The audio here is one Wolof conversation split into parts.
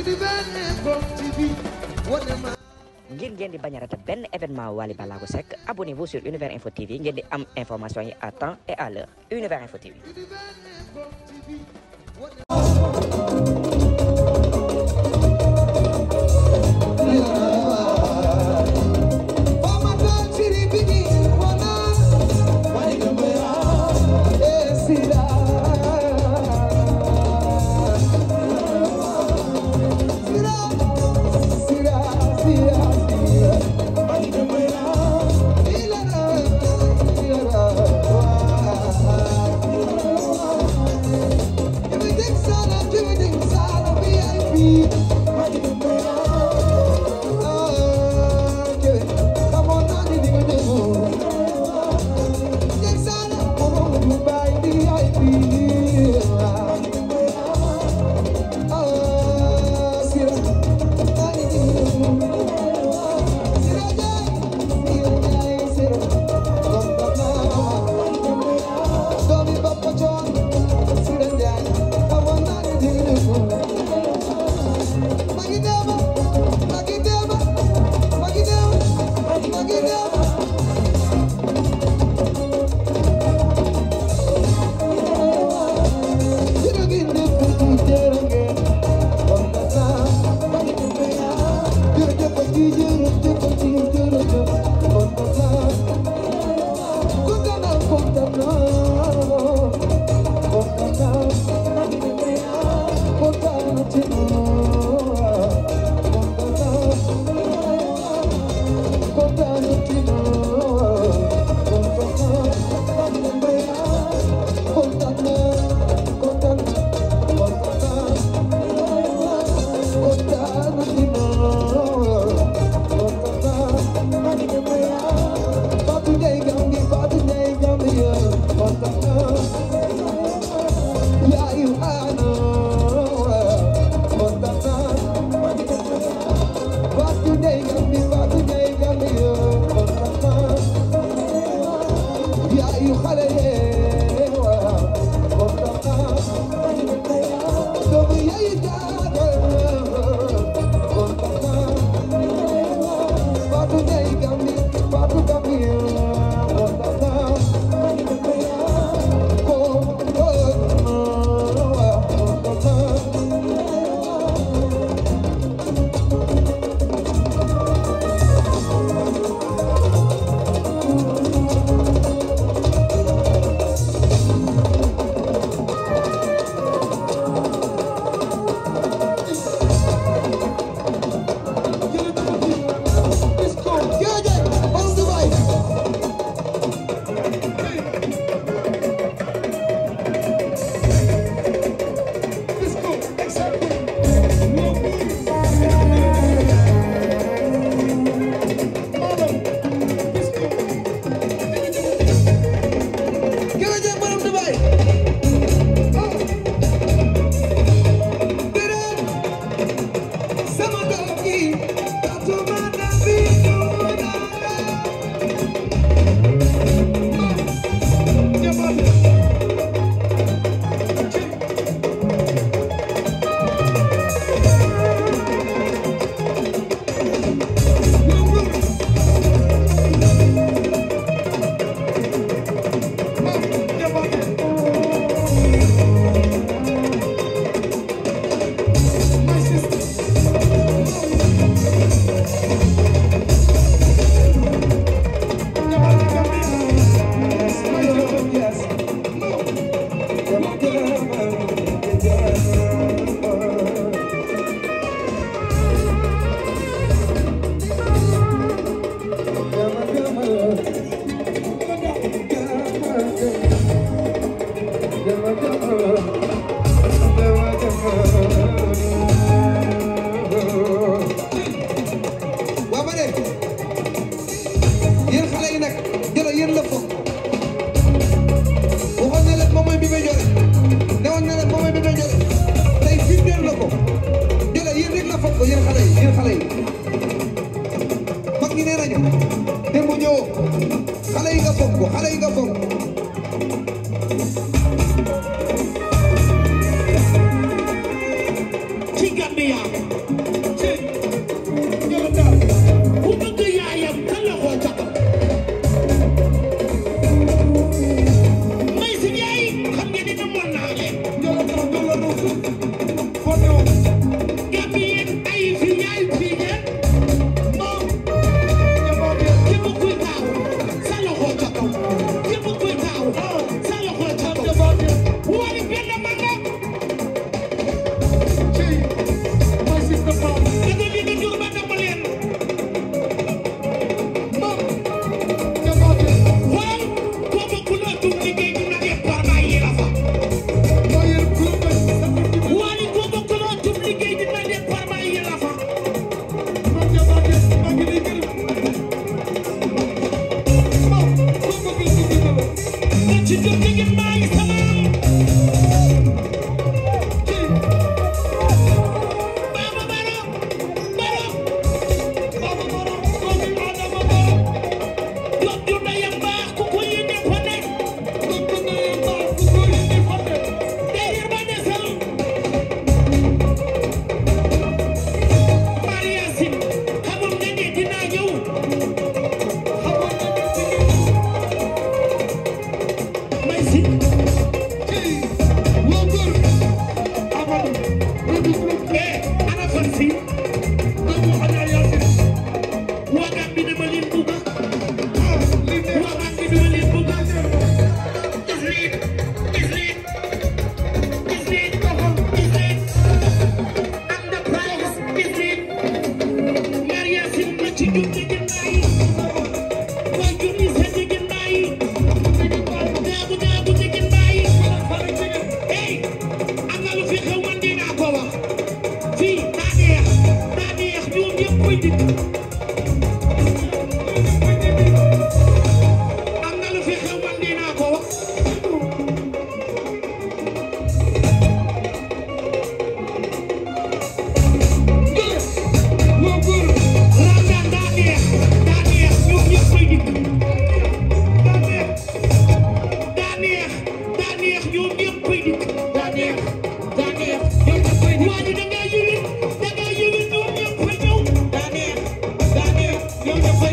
ngir ngeen di bañ a benn événement wali Ballago Seck abonnez-vous sur Univers Info TV ngeen di am information yi à temps et à l'heure Univers Info TV Thank you.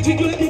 If you could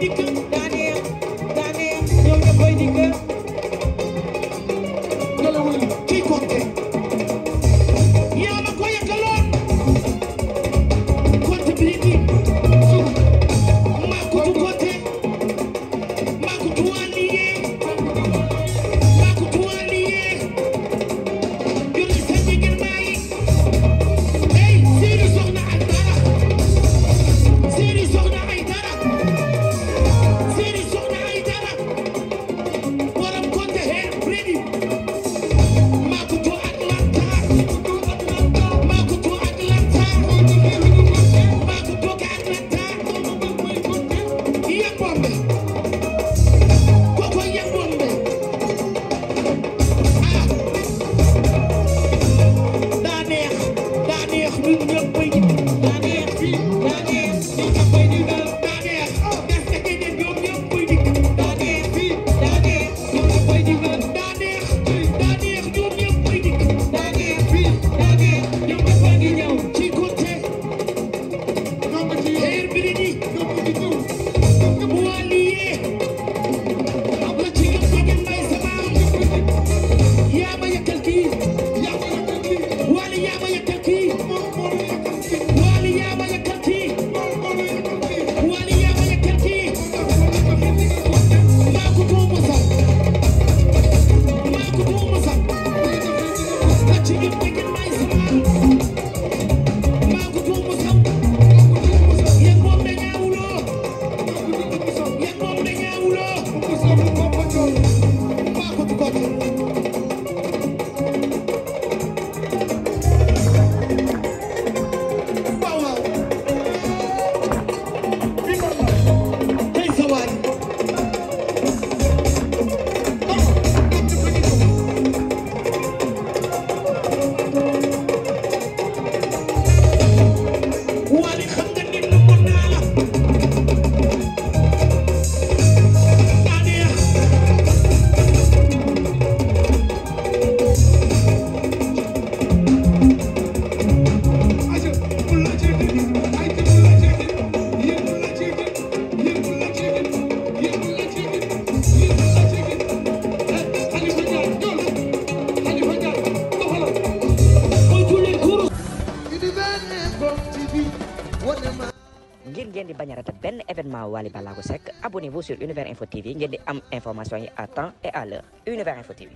di dikk daane daane ñoom ñëpp bay dikk également Wally Ballago Seck abonnez-vous sur Univers Info TV ngeen information yi et à l'heure Univers Info TV